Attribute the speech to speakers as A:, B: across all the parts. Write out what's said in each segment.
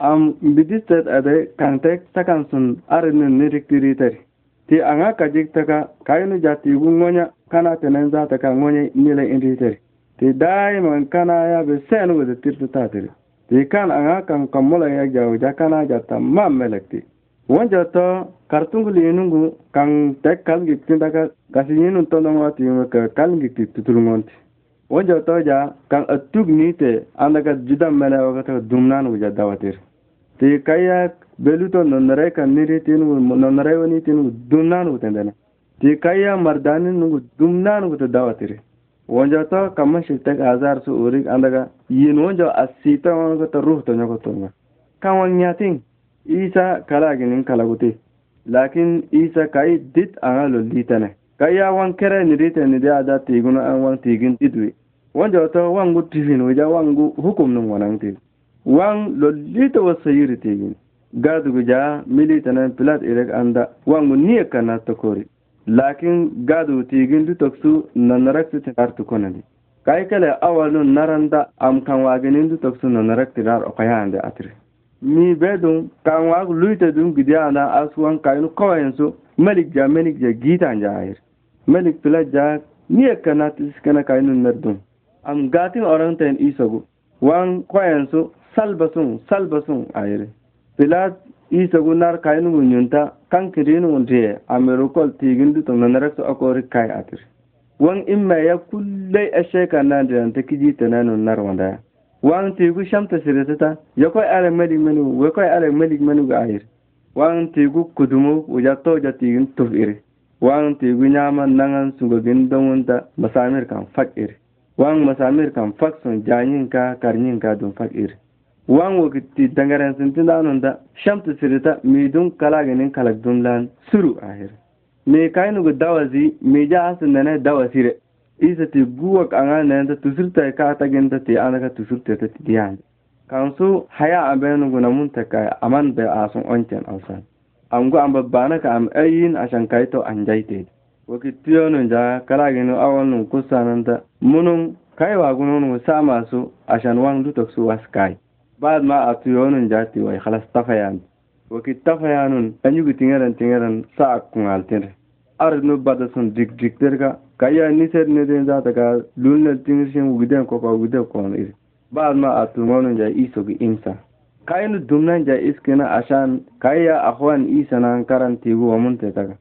A: am bidistet ade kantek takan sun arinin ni riktiri tari ti anga kajik taka kayinu jati igu ngonya kana tenen za taka ngonya nile indi tari ti daiman kana ya be senu wede tirtu tatiri ti kan anga kan kamula ya jawo ja kana jata mam melekti wonjo to kartungu linungu kan tek kalgi tindaka kasi yinun tondongo ti yume ka kalgi ti tutulmonti wonjo to ja kan atug nite andaka jidam mele wakata dumnan wuja dawatir ti kaya beluto nonore ka miri tinugu nonore woni tinugu dumnanugu tendene ti kaya mardani nugu dumnanugu to dawatiri wonjo to kamma shiltek azar su urik andaga yin wonjo asita wongo ta ruh to nyoko tonga kan wonyating isa kala ginin kala guti lakin isa kai dit anga lolitane kaya wan kere nirite nidi ada tiguna an wan tigin idwi wonjo to wangu tifin wija wangu hukum nung wanang tigin wan lolita wa sayiri tegin gadugu ja nan pilat irek anda wangu niye kana tokori lakin gadugu tegin du toksu nanarakti tinar tukonani kai kale awalu naranda am kan waginin du toksu nanarakti nar okayande atri mi bedun kan wagu luita dun gidiana aswan kainu su malik ja malik ja gitan ja ayir Malik pilat ja niya kana tiskana kainu nerdun am gatin oranten isagu wan kwayenso sal salbasun sal basung ayre pilat isa gunar kayin gunyunta kan kirin wunde amerikol tigin dutun na to akori kai atir wan imma ya kullai asheka na da ta kiji ta nan narwa daya wan tigu shamta ta ya kai ala mali manu wa kai ala mali manu ga ayir wan tigu kudumu wuja to ja tigin tuf iri wan tigu nyama nangan gindan wunta masamir kan fak iri wan masamir kan fak sun janyinka karnyinka don iri. wangogitti da shamtu sirita kala kalaginin lan suru ahir meekainugu dawazi miija asindane dawasire isati guwak anganenta tusurtai ti anaka diyan kan su haya mun ta kai aman da asun onten alsan amgu ka am ayin ashankaito anjaitedi awon jaga kusa nan kusananta munun kaiwagunungu su ashan wan lutok su waskai baad ma a tuyoonun jaati way khalas tafayaan waki tafayaanun anyugi tingeran tingeran saa kungaal tinre ar nu bada sun dik dik derga ka ya niser ne den za daga lulne tingirshin wugiden ko ko wugide ko on iri baad ma a tuyoonun jaa iso gi insa kai nu dumnan jaa iskena ashan kai ya akhwan isa na karantigu wa munte taga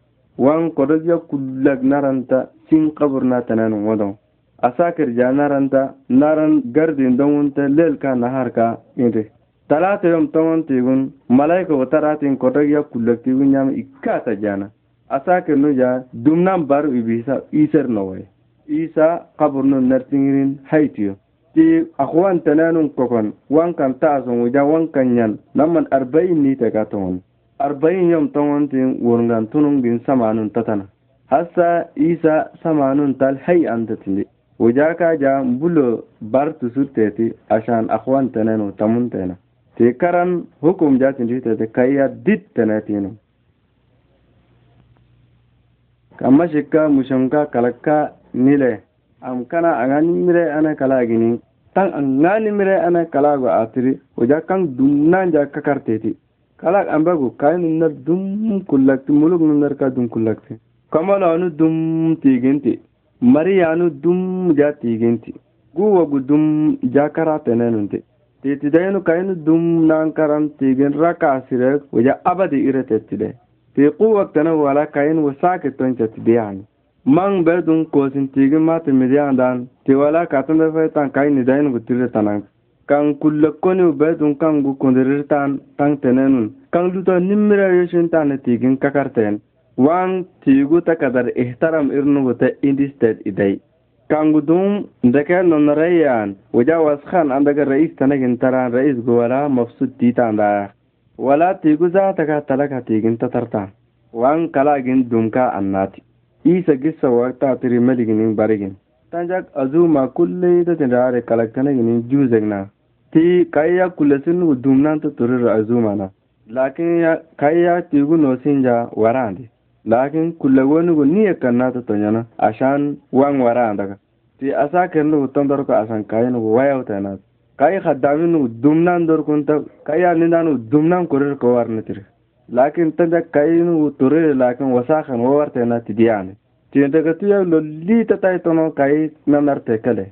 A: wan kodo jaa kullag naranta sin qabur na tananun wadon asakir ja naranta naran gardin don wunta lelka na harka inda talata yom tongon tigun malaika ratin kodog ya kulaktigun ya ikata jana asakir no ja dumnan baru ibisa isar nawai isa kabur no nartingirin haitiyo ti akwan tananun kokon wankan ta'asun wuja wankan yan naman arba'in ni ta ka tongon arba'in yom tongon tin wurngan bin samanun tatana hasa isa samanun tal hay an tatinde wujaka ja mbulo bartu surteti ashan akwan tenenu tamun tena te karan hukum ja dite te kayya dit tenetinu kamma shikka mushanka kalakka nile am kana angani mire ana kala gini tan angani mire ana kala go atri wujakan kan ja ja kakarteti kala ambagu kayin na dum kullakti muluk nar ka dum kullakti kamala anu dum tigente mariyanu dum guwa gu dum jakaratenenunte titidenu kainu dum nankaram tigin rakasire waja abadi iretettide fi quwaktana wala kain wasake toncatidiyani man be dum kosin tigin dan ti wala katambe faitan kaini dainugu tirretanan kan kullakoni be dum kangu kondirirtan tan tenenun kan luto nimmirayoshintan tigin kakarten Wan waan ta kadar ihtaram irnuguta indisted iday kangudum ndekeno narayan wajawas khan andaga rais tanagin taran rais gowala mafsud titandaya wala tigu zaataka talaka tiginta tartan wan kalagin dumka annati isa gissa waqtatiri meliginin barigin tanjak azuma kulley tatindare kalaktanaginin juzegna ti kayya kullesinugu dumnanta turir azumana lakin kayya tigu nosinja warandi lakin kulagonigo niye kannata tonyana ashan wan warandaka ti asa kendo utom dorko asan kayenigo wayawtenat kai khadaminu dumnan dorkunta kai anindanu dumnan korir ko warnitiri lakin tanja kainu turire lakin wasakan wawartena tidiyani tindagatiya lolli tatai tono kai nanarte kale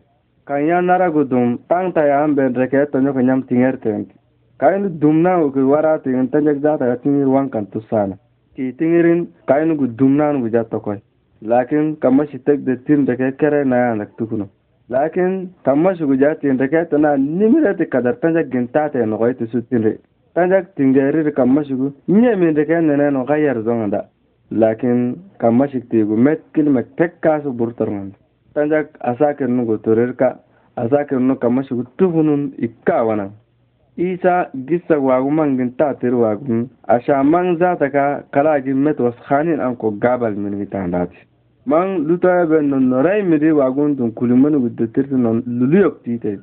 A: kanya naragu dum tang taya amben reke tonyo kanyam tingertenti kainu dumnan ko warati tanjak data tingi wankan tusana ki tingirin kainugu dumnanugu jattokoy lakin kamashi tegde tindeke kere nayanak tukuno lakin ke tana nimire nimireti kadar tanjak gintate gu nye tanjak de ken nyemindeke no gayar zonganda lakin te gu met tek kilmek tekkaasu burtorgondi tanjak asakirnugu turirka asakirnu gu tufunun ikkawanan isa gisa wagu mangin ta tir wagu asha mang za ta ka kalaji met was khanin an ko gabal min ta dati mang luta ben non norai de wagu dun kulimun de tir non luluyok te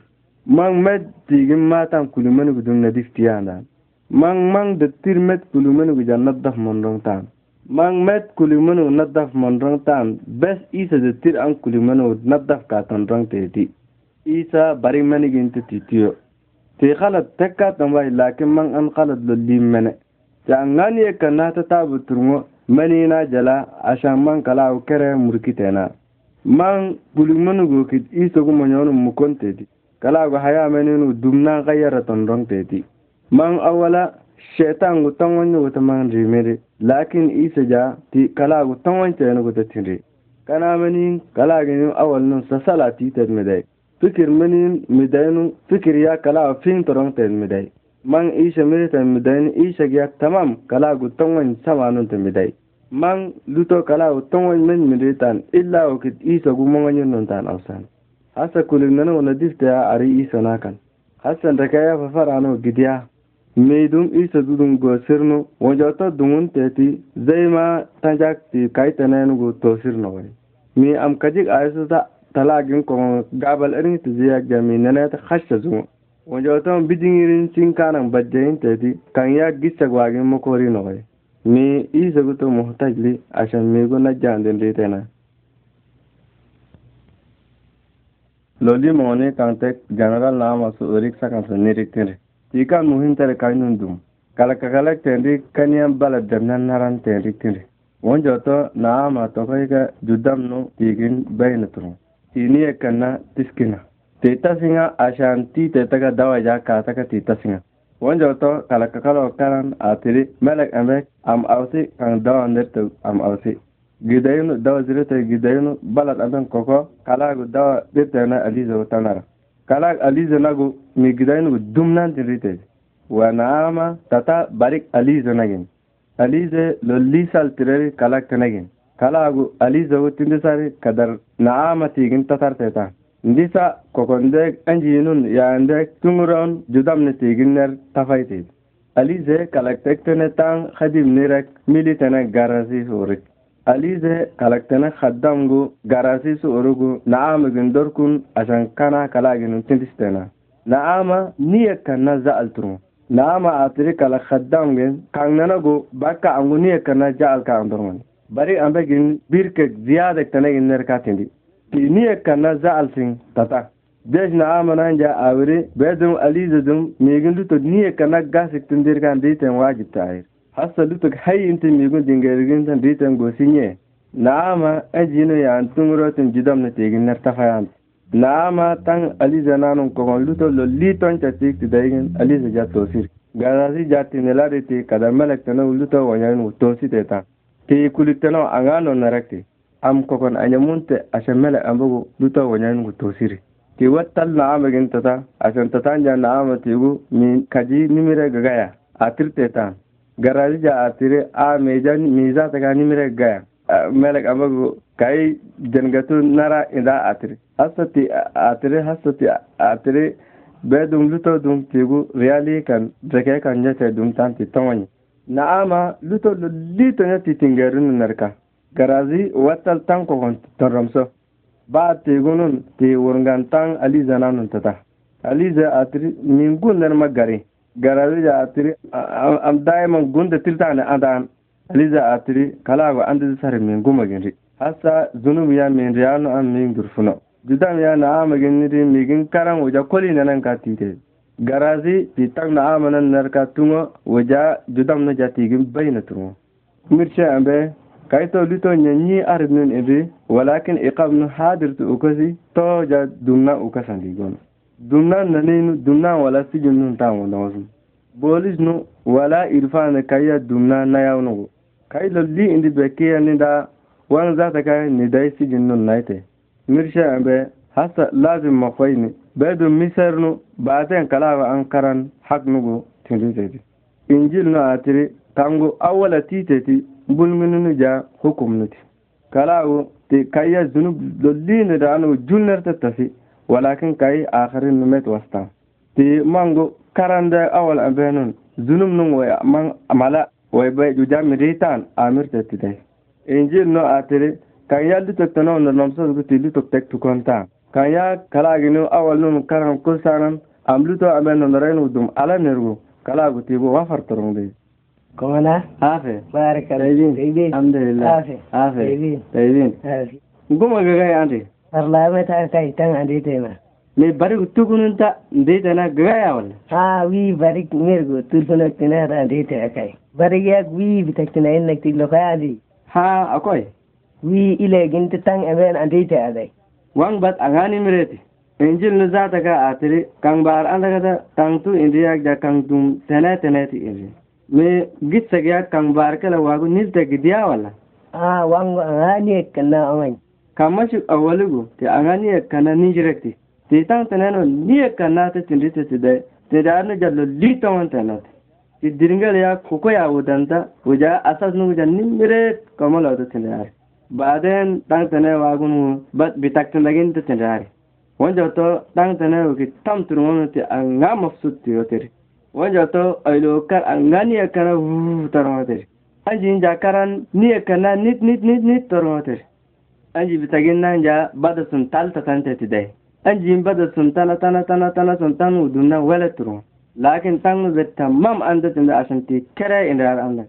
A: mang met digin matan dun nadif na diftiyanda mang mang de tir met kulumun gudu jannat daf mon rong ta mang met kulimanu nadaf mon rong ta bes isa de tir an kulimanu nadaf ka tan rong te ti isa bari manigin ti yo ti khalat takka tambay lakin man an khalat lolli mene ja ngani e kana ta tabu turngo mani na jala asha man kala kere murkitena man bulu manu go kit iso go manyonu mukonte di kala go haya menenu dumna gayyara te di man awala shaitan go tongon go taman rimere lakin isa ja ti kala go tongon tenu go tatire kana mani kala gani awal nun sasalati tedmedai fikir minin midaynu fikir ya kala fin toron ten miday man isha mire ten miday isha ya tamam kala gu tongon samanu ten miday man luto kala gu tongon men miditan illa kit isa gu monganyo nun tan awsan hasa kulin nana wana difta ya ari isa nakan hasa raka ya fafarano gidiya meidum isa dudun go sirno wajota dungun teti zaima tanjak ti nayan gu to sirnu wani mi am kajik ayasuta talagin ko gabal irin ta ziya gami na ta khashta zuwa wanda wata irin cin kanan bajjayin ta di kan ya gissa gwagin makori na wai ni isa gutu a ashan me go na ta na lodi loli ne kan ta general na masu orik sakan su nirik tere ikan muhim tere kainun dum kala ka kakala tendi kaniyan bala demnan naran tendi tere wonjoto na ama to kai ga judam no tigin bayna turu Ini kana tiskina. Teta singa ashanti tetaka ja kataka teta singa. Wanjoto kalakakalo karan atiri melek emek am awsi kan dawa dertu am awsi. Gidayunu dawa zirete gidayunu balad aben koko kalagu dawa dirtena alizo tanara. Kalag alizo nagu mi gidayunu dumnan dirite. Wa naama tata barik alize nagin. Alize lollisal tireri kalak tanagin. Kalagu alizegu tindisari kadar naamati ginta tarteta ndisa kokondek enjinun yaandek tunguron judamne tiginner tafaitit alize kalaktene tan nirek militene garasi surik alize kalaktene khaddamgu garasi surugu naamigin dorkun ashan kana kalaginun tintistena naama niyek kanna za'al turun naama atiri kala khaddamgin kangnanagu bakka angu niyek kanna ja'al kaang dormani bari an begin birke ziyada tane inner tindi ti niye kana za alsin tata bej na amana ja awre bedum aliza dum megin luto niye kana gasik tindir kan diten wajib tayir hasa luto hayin tin megun dingergin tan diten gosinye naama ajino ya antungro tin jidam na tegin nar tafayan naama tan aliza nanun kogon luto lo liton ta tik ti daigin aliza ja jati ne ja tinelare ti kadamalak tan tana luto wanyan tosite tan teyikulittanaw anga no narakte am kokon anyamunte asamele ambogo duta wanyanugu tosiri ti wattal naamagin tata asan tatanja naama gu min kaji nimire gagaya atirte tan garajija atire a meja miza taka nimire gagaya melek ambogo kai jengatu nara inda atire hasati atire hasati atire bedum luto dum tigu reali kan jake kan jate dum tan ti tawani na'ama luto lito ne na narka garazi watal tan kokon toromso ba tegunun te wurngan tan aliza nanun tata aliza atri min gundar magari garazi da atri am daiman gunda tiltane adan aliza atri kalago andi sar mingu gumaginri hasa zunubu ya min riyanu am min gurfuno dudam ya na'ama ginri migin karan wuja koli nanan ka tite garazi ti na amana narka tungo waja judam na bay na tungo mirche ambe kaito lito nyanyi aribnun ebe walakin hadir tu ukasi to ja dumna ukasandi gono dumna naninu dumna wala sijinnu tango dawasum bolis nu wala irfana kaya dumna nayawnugo kai li indi bekiya nida wan zata kaya nidai sijinnu naite mirche ambe hasa lazim mafaini bedu misernu baten kalawa ankaran haknugo tinriteti injil no atiri kangu awala titeti bulminunu ja hukumnuti kalawu ti kayya zunub da anu julnerta tafi walakin kayi akharin numet wasta wastan ti mangu karanda awal abenun zunub nun way man amala way bay jujami amir amirtetidai injil no atiri kan yalli toktanawna nomsasgu ti li toktek tukontan kan ya kalaginu awal karan kusanan kulsanan amluto amen no renu dum ala nergo kalagu tibo wa de komana afe barka taybin taybin alhamdulillah afe afe taybin goma ga ga ande arla me ta kai tan ande tema me bari tukunun ta de ta na ga ya wala ha wi bari mergo tulfuna tina ra de ta kai bari ya wi bitakina innak tilokaya di ha akoi wi ile ginta tan amen ande ta dai wang bat angani mireti injil nu zata ka atiri kang bar anda kata kang tu india ja kang tum tene tene ti iri me git sagya kang bar kala wagu nis de gidiya wala ah wang angani kana awan kamashu awalugu te angani kana nijrekti te tang tene no ni kana te tindi te te de te dar ne jallo li tawan tene ti diringal ya kokoya wudanta wuja asas nu jan nimire kamal awta tene ar ba den dang tane wa bat ba bitak tan lagin te tendare wanja to dang tane wa tam tur mon te nga mafsut te yoter wanja to ay lo a nga ni akara wu tar mon te anji nja karan ni akana nit nit nit nit tar mon te anji bitagin nan ja bada sun tal ta te te dai anji in bada sun tala tana tana tana sun tan wu dunna wala lakin tan zatta mam anda tan da asanti kare indar anda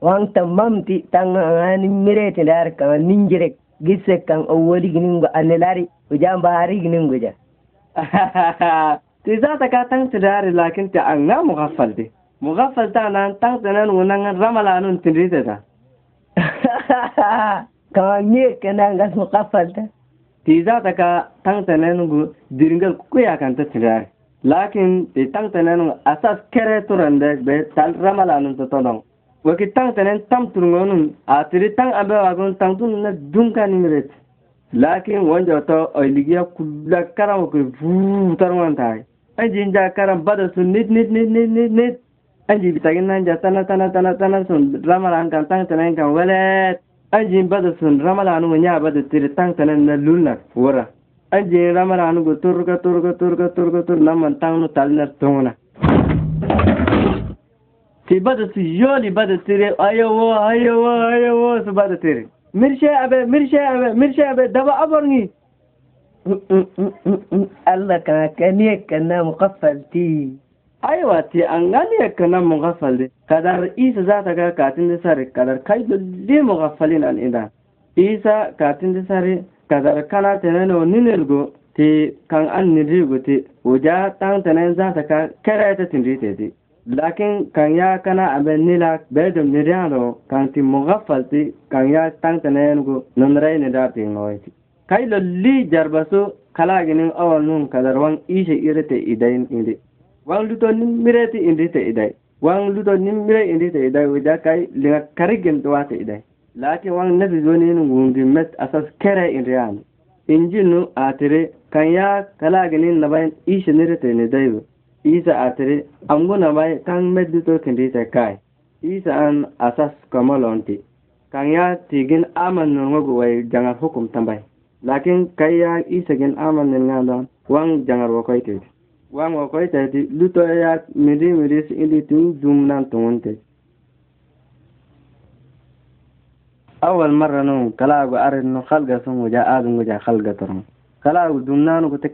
A: wan ta ti tanga eh, ni mirete dar ka ninjire gisse kan awoli ginin go anelari ujamba hari ginin go ja ti za ta ka tang tidari lakin ta an na mughaffal de mughaffal ta nan tang ta nan ramala nun tidita ta ka ne kana ga mughaffal ta ti za ta ka tang ta nan go diringal ku ya kan ta tidari lakin ti tang ta asas kere turande be tal ramala nun ta todong waki tang tenen tam turŋo nun atiri taŋ ambe wagun taŋ tu nuna dunka ningret lakin wonjo to oiligia kula karam ko vuu tarwan tai anji nja karam bada sun nit nit nit nit nit nit anji bitagin nan ja tana tana tana tana sun ramalan kan tang tenen kan walet anji bada sun ramalan nya bada tiri tang tenen na luna wora anji ramalan go turga turga turga turga tur naman taŋ nu talna tongna tibada tire ayowo ayowo ayowo su bada tire mirshe abe mirshe abe mirshe abe daba aborni Allah kana kaniye kana muqaffalti aiwa te an ganiye kana muqaffalti kadar isa za ta ga katin da sare kadar kai dole muqaffalin an ida isa katin da sare kadar kana tenene ninirgo te kan an nirgo te wuja tan tenen za ta ka kare ta tindite te lakin kan ya kana aben nila bedum niriano kan ti mugafalti kan ya tangtene nugu nunrei ni dati ngoyti kai lo li jarbasu kalaginin awal nun kadar wang ishe irete idain indi wang luto mire mireti indi te idai wang luto ni mire indi te idai wida kai linga karigin tuwa te idai lakin wang nafi zoni nungungi met asas kere indriano injinu atire kan ya kalaginin nabayin ishe nire ni daibu isa atiri anguna mai to kendi te kai isa an asas kamolonti kang ya tigin aman nungogu wai jangar hukum tambai lakin kai ya isa gen aman nungandon wang jangar kai te wang te tedi luto ya midi midi si ili nan jumnan tungunte awal marra kala go arin no khalga sun wuja aadun wuja khalga turun kalaagu dumnanugu te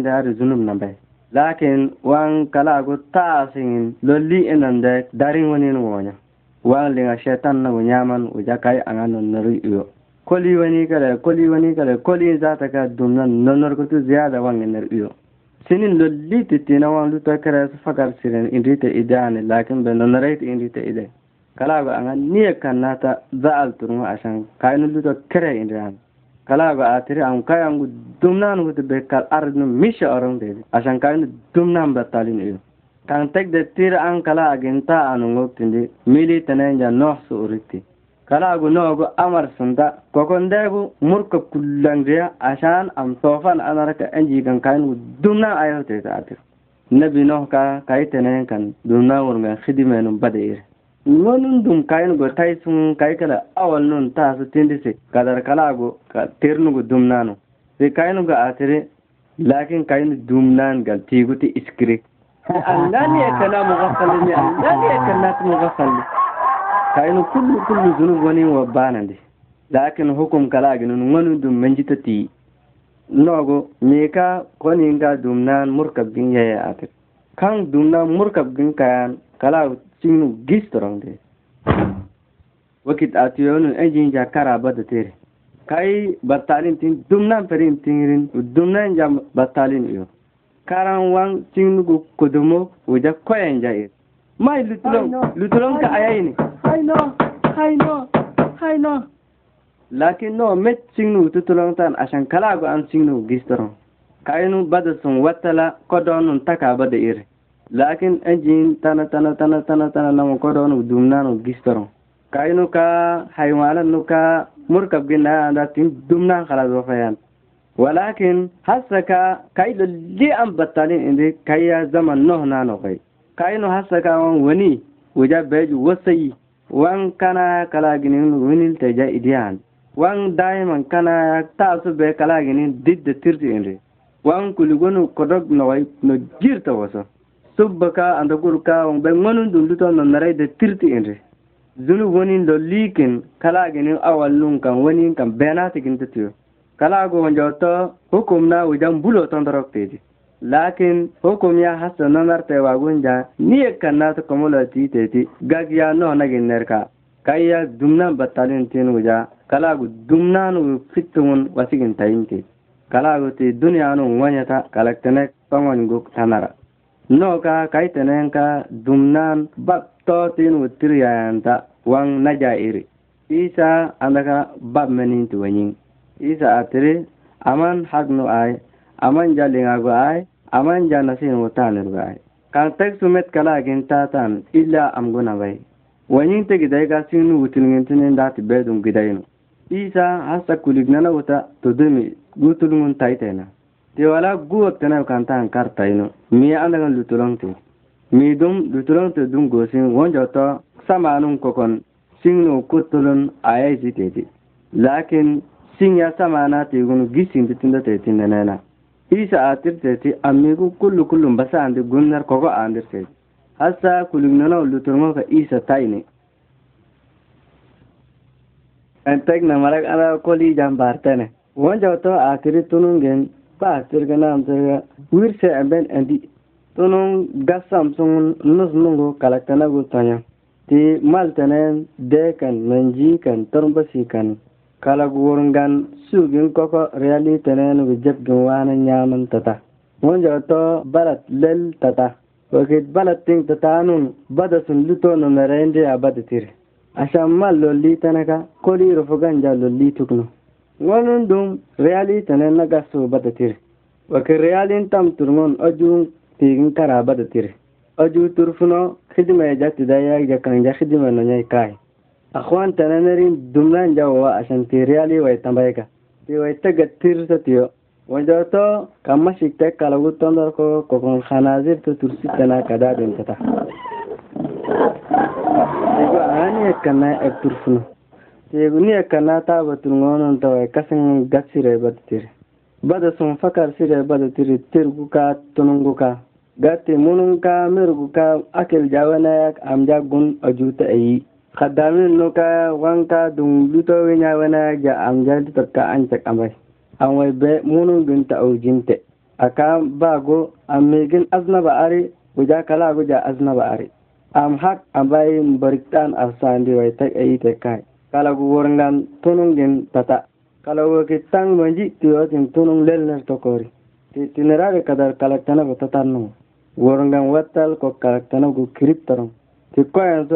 A: da ari zunub nambai lakin wan kalagu taasingin lolli de darin wonin wonya wan linga shetan nagu nyaman ujakai anga nonori yo koli wani kala koli wani kala koli zata ka dumna nonor kutu ziyada wangin ner yo sinin lolli titina wan luta kare su fakar sirin indite idani lakin be nonoreit indite idai kalagu na ta za za'al turma asan kainu luta kare indani kalaago aa tiri ankayangu dumnanguti be kal arigno misha orongtedi ashankayino dumnanba talin iyo kan tegde tir an kala aginta anungobtindi mili tenenja nohso urikti kalaagu noogu amar sunda kokondegu murka kullangriya ashan am sofan anaraka enjigan kayingu dumnan ayoteta atir nabi nohka kayitenen kan dumnan wurngan khidimenu bada iri ngonun dum kayin go tai kai kala awal nun ta su tindise kadar kala go ka ternu go dum nanu se kayin go atire lakin kayin dum nan gal tiguti iskire Allah ne kana mughassal ne Allah ne kana mughassal kayin kullu kullu zunub wani wa banande lakin hukum kala ginun ngonun dum menjita ti nogo meka koninga dum nan murkab gin yaya atir kan dum nan murkab gin kayan kala sinu gis torongde wakit atiyonu enjin eh, ja karaba da tere kai batalin tin dumnan perin tinrin dumnan ja batalin yo karan wan go kodomo wuja koyen ja ir mai lutulon lutulon ka ayayini no hayno no lakin no met sinu tutulon tan ashan go an sinu gis torong kayinu bada sun watala kodonun takaba bada iri lakin ajin tana tana tana tana tana no kodonu no gistoro kayno ka no ka murkab gina anda tin khala do fayan. walakin hasaka kay li an battalin inde kayya zaman no kay kayno hasaka won wani wuja beju wasayi wan kana kala ginin winil teja idiyan wan daiman kana su be kala ginin didda tirti inde wan kuligonu kodog way no jirta waso subbaka gurka on ben manun dun duto non narai de tirti inri zulu wonin kala gene awal lun kan wonin kan kala go on njawto hukum na wujan bulo tondorok teji lakin hukum ya hasa nonarte wagunja niye kan nata ti teji gagya no gin nerka kayya dumnan battalin tin wuja dumna dumnanu fitun wasigin tayinti kalagu ti duniyanu wanyata kalaktenek tongon guk tanara noka kaitenenka dumnan bab totin wutiriyayanta wan naja iri isa andaka bab meninti wenyin isa atiri aman hagnu ay aman jalingago ay aman janasin wutanirgo ay kan tek sumet kalagin tatan illa amguna bay wenyin tegidayga sinu wutilngintinin dati bedum gidayinu isa hasta kulignana wuta tudumi gutulngun taitena te wala guwa tana kanta an karta ino mi anda kan lutulong te mi dum lutulong te dum go sin wonjo to sama anun kokon sing no kutulun ayai si te lakin sing ya sama na te gun gisin te tinda te tinda nana isa atir te te ammi ku kullu kullu basa ande gunnar koko andir te hasa kulugnono lutulong ka isa taine entek na marak ala koli jam bartene wonjo to akiri tunungen paasirga naamsirga wirisa aben e andi e tʋnʋ gasam sõng nus nʋngo kalakanago tõyã tɩ maltɛnɛ dɛɛkan nanjiikan tɔrbasikan kalagʋʋrengan suugin kɔkɔ reali tɛnɛɛnugu jebgin waana nyaamen tata wõnjaga tɔ balat lel tata wakit balat tata tataanun bada sun luto na rɛyndi a bada tiri asam mal lolli tãnɛka e kolii rofo ganja lolli tukno wannan dum reali na gaso bada tire. wakin reali tam turmon aju tigin kara badatir aju turfuno khidma ya jati da ya ya khidma na nyai kai akhwan tane narin dumlan jawa asan ti reali wai tambayka ti wai tagatir satio wajoto kama shikte kalagu tondor ko kokon khanazir to tursi tana kada dentata Ego ani ekana ek turfuno ta ekana taba turŋonon wai kasin gatsire bada tiri bada sun sire bada tiri tirgu ka tunungu ka gati munun ka mirgu ka akil jawanayak amja gun ajuta ayi no nuka wanka dun luto winya wana ja amja dutakka ancak amai wai be munun gunta aujinte aka bago amigin aznaba ari guja kala guja aznaba ari am hak abai bariktan afsandi wai ta ayi ta kai. kalagu tunung din tata kalagu kittang manji tin tunung lelner tokori titinirari kadar kalaktanako tatannu worngan watal ko kalaktanako kiriptarong to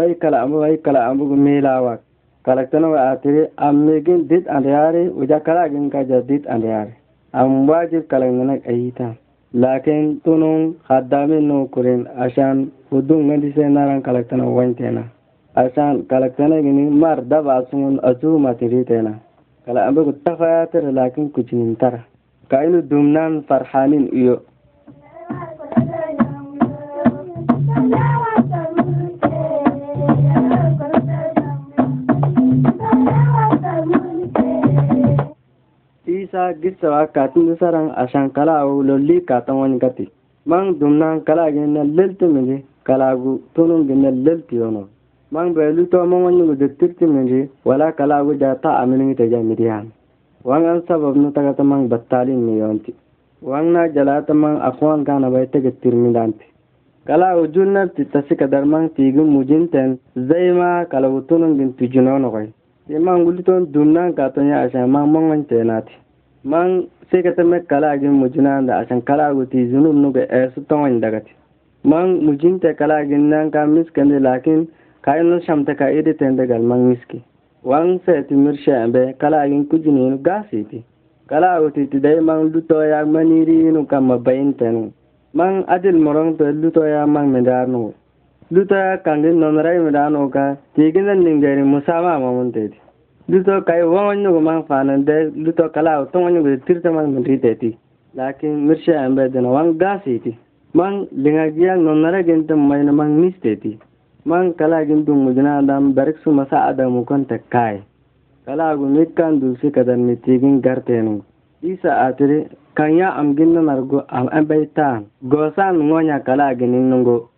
A: ay kala ambugo ay kala ambugo milawak kalaktanako atiri ammigin dit andeyari uja kalagin kaja dit andare am wajib kalaknanak ayitan lakin tunung no nukurin ashan hudungandise tana kalaktana wantena asaan kalaqsanii gini mar daba asumun asuma tiri tena kala ambe ku tafayatir lakin kujinin tara kailu dumnan farhanin iyo isa gisawa katin saran asan kala awu lolli katan wani gati man dumnan kala gina lelti mili kalagu tunun gina lelti yono man bai luto man wani mu diktirti mu ji wala kala guja ta aminu ta ja midiyan wan an sabab nu taga ta man battalin mi yonti wan na jala ta man akwan kana bai taga danti kala ujun na ti ta sika dar man tigin mujin ten zai ma kala utunun gin juno no kai ti man guliton dumnan ka to ya asha man man na ti man sai ka ta me kala gin mujina da ashan kala guti zunun nu er ga esu ton daga ti man mujin te kala gin nan ka miskan lakin kaino shamta ka iri tende galman wiski wan seti mirshembe kala agin kujininu gasiti kala agutiti dai man lutoya manirinu kamma bayintenu man adil morong to lutoya man medanu lutoya kangin nonrai medanu ka tigina ningeri musama mamunteti luto kai wawanyugo man fanande luto kala utonganyugo tirta man ti lakin mirshembe dena wan gasiti man lingagiya nonrai gintum mayna man misteti man kala gildum jina dam barik masa sa adamu konta kai kala gu mikkan dul si kadan mitigin gartenu isa kan ya am na nargo am ambaita gosan ngonya kala ginin nungo